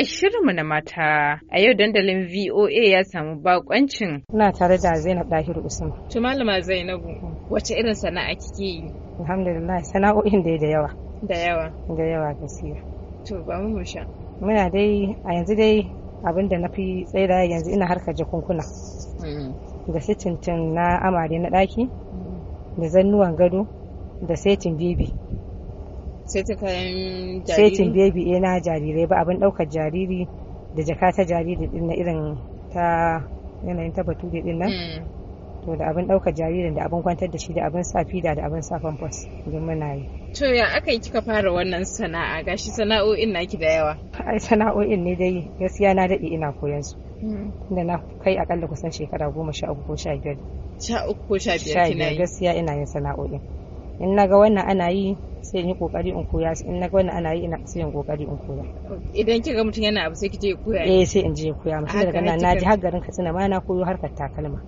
A shirinmu na mata a yau dandalin VOA ya samu bakoncin. Ina tare da Zainab Dahiru Usman. To malama Zainabu wace irin sana'a kike yi? Alhamdulillah sana'o'in dai da yawa. Da yawa. Da yawa gaskiya. To ba mu sha. Muna dai a yanzu dai abin da na fi tsaida yanzu ina harkar jakunkuna. Mm. Da sitintin na amare na ɗaki mm. da zannuwan gado da setin bibi. sai ta kayan jariri baby eh na jarirai ba abin daukar jariri da jaka ta jariri din na irin ta yanayin ta bature din nan hmm. to da abin daukar jaririn da abin kwantar da shi da abin sa fida da abin sa famfas idan muna yi to ya aka yi kika fara wannan sana'a gashi sana'o'in naki da yawa ai sana'o'in ne dai gaskiya na dade ina koyan su hmm. tunda na kai akalla kusan shekara goma sha uku ko sha biyar sha uku ko sha biyar kina yi gaskiya ina yin sana'o'in in naga wannan ana yi sai in yi kokari in koya in naga wannan ana yi ina sai in kokari in koya idan kika mutum yana abu sai kije koya eh sai in je koya mutum daga nan na ji har garin Katsina ma na koyo harkar takalma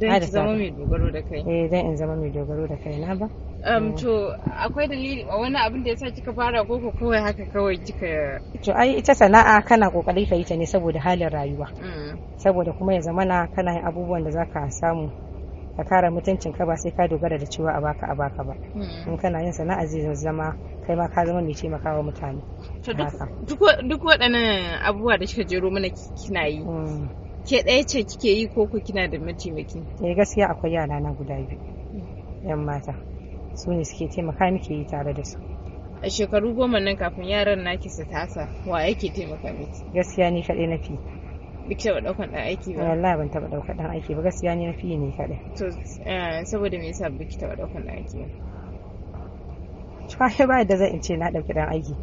dan ki zama mai dogaro da kai eh dan in zama mai dogaro da kai na ba um eh. to akwai dalili wani abin da yasa kika fara koko kawai haka kawai kika to ai ita sana'a kana kokari ka yi ta ne saboda halin rayuwa mm. saboda kuma ya zamana kana yin abubuwan da zaka samu ka kara mutuncin ka ba sai ka dogara da cewa a baka a baka ba hmm. in kana yin sana'a zai zama kai ma ka zama mai taimakawa mutane duk waɗannan abubuwa da kika jero mana kina yi hmm. ke ɗaya ce kike yi ko kina da mataimaki eh gaskiya akwai yara na guda biyu hmm. yan mata su ne suke taimaka miki yi tare da su a shekaru goma nan kafin yaran naki su tasa wa yake taimaka miki gaskiya ni kaɗai na fi bik taɓa ɗaukan ɗan aiki ba wallahi ban taɓa ɗaukan ɗan aiki ba gaskiya ni na fi ne kaɗai to eh, saboda me yasa bik taɓa ɗaukan ɗan aiki ba kai ba da zan ce na ɗauki ɗan aiki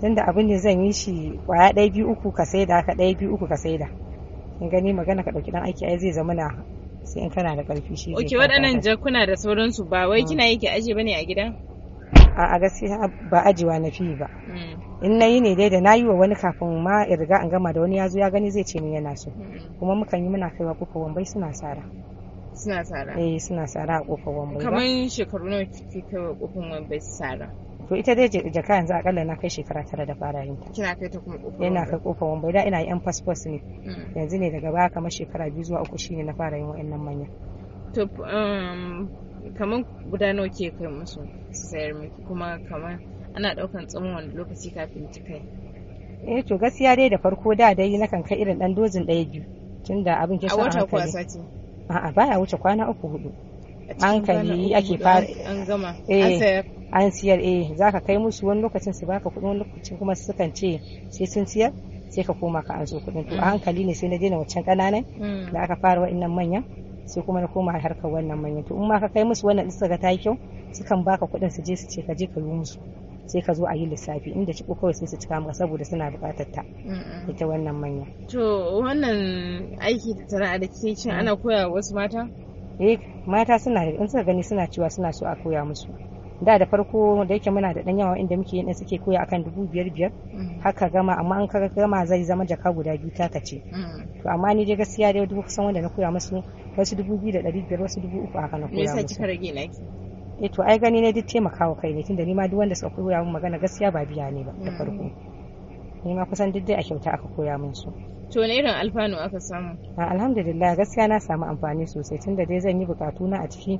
tunda abin da zan yi shi ƙwaya ɗaya biyu uku ka saida ka ɗaya biyu uku ka saida in gani magana ka ɗauki ɗan aiki ai zai zama na sai in kana da ƙarfi shi zai ok waɗannan jakuna da sauransu ba wai mm. kina yake aje bane a gida a gaskiya ba ajiwa na fi ba mm. in na yi ne dai da na yi wa wani kafin ma in riga an gama da wani ya zo ya gani zai ce ni yana so mm. kuma mukan yi muna kaiwa kofa wambai suna sara suna sara eh suna sara a kofar wambai kamar shekaru nawa kike kaiwa kofar wambai sara to ita dai jaka yanzu akalla na kai shekara tara da fara yin kina kai ta kuma kofar yana kai kofar wambai da ina yan passport ne mm. yanzu ne daga baya kamar shekara biyu zuwa uku shine na fara yin wa'annan manya to um, kamar guda nawa ke kai musu su sayar miki kuma kamar ana daukan tsawon wani lokaci kafin ki kai eh to gaskiya dai da farko da dai na kan kai irin dan dozin daya biyu tunda abin ke sa a wata kwa sati a'a baya wuce kwana uku hudu hankali ake fara an gama an eh, sayar an siyar eh za ka kai musu wani lokacin su baka kudin wani lokacin kuma sukan ce sai sun siyar sai ka koma ka an so kudin to a mm. hankali ne sai na daina wancan kananan mm. da aka fara wa'annan manyan sai kuma na koma harkar wannan manya to in ma ka kai musu wannan din ga ta kyau sukan baka kuɗin su je su ce ka je ka yi musu sai ka zo a yi lissafi inda ciko kawai sai su cika maka saboda suna buƙatar ta ita wannan manya to wannan aiki da tana da kicin cin ana koya wasu mata eh mata suna da in suka gani suna cewa suna so a koya musu da da farko da yake muna da dan yawa inda muke yin suke koya akan dubu biyar biyar mm. haka gama amma an kaga gama zai zama jaka guda biyu ta ce mm. to amma ni dai gaskiya dai duk kusan wanda na koya musu wasu dubu biyu da ɗari biyar wasu dubu uku haka na koya musu. Me yasa kika rage naki? Eh to ai gani ne duk taimakawa kai ne tunda ni ma duk wanda suka koya min magana gaskiya ba biya ne ba da mm. farko. Ni ma kusan duk dai a kyauta aka koya min su. To ne irin alfanu aka samu? Alhamdulillah gaskiya na samu amfani sosai tunda dai zan yi bukatuna a ciki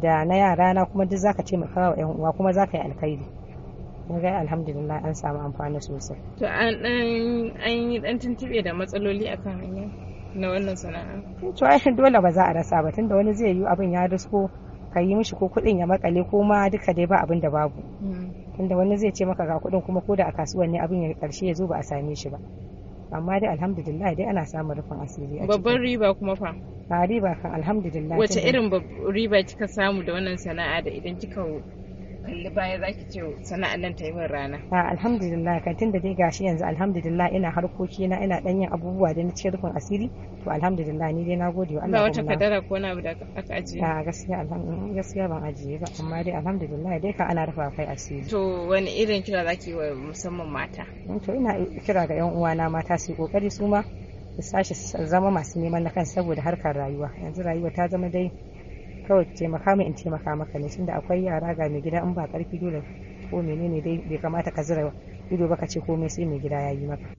da na yara na kuma duk zaka ce maka wa yan uwa kuma zaka yi alkhairi ga alhamdulillah an samu amfani sosai to an dan an yi dan tuntube da matsaloli akan hanya na wannan sana'a to ai dole ba za a rasa ba tunda wani zai yi abin ya risko ka yi mishi ko kuɗin ya makale ko ma duka dai ba abin da babu hmm. tunda wani zai ce maka ga kuɗin kuma ko da a kasuwan ne abin ya karshe ya zo ba a same shi ba amma dai alhamdulillah dai ana samun rufin asiri babban riba kuma fa a riba kan alhamdulillah wace irin riba kika samu da wannan sana'a da idan kika kalli baya zaki ce sana'a nan ta yi min rana a alhamdulillah kai da dai gashi yanzu alhamdulillah ina harkoki na ina ɗanyen abubuwa da na cikin rufin asiri to alhamdulillah ni dai na gode wa Allah ba wata kadara ko na da aka ajiye a gaskiya alhamdulillah gaskiya ban ajiye ba amma dai alhamdulillah dai ka ana rufa kai asiri to wani irin kira za zaki wa musamman mata mm, to ina kira ga yan uwana mata su kokari su ma su sashi zama masu neman na kan saboda harkar rayuwa yanzu rayuwa ta zama dai kawai taimaka mai in taimaka maka ne tunda akwai yara ga mai gida in ba karfi dole ko menene dai bai kamata ka zira ido baka ce komai sai mai gida ya yi maka